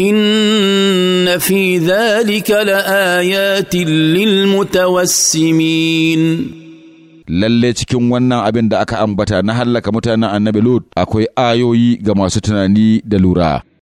ان في ذلك لايات للمتوسمين lalle cikin wannan abin da aka ambata na hallaka mutanen annabi Lut akwai ayoyi ga masu tunani da lura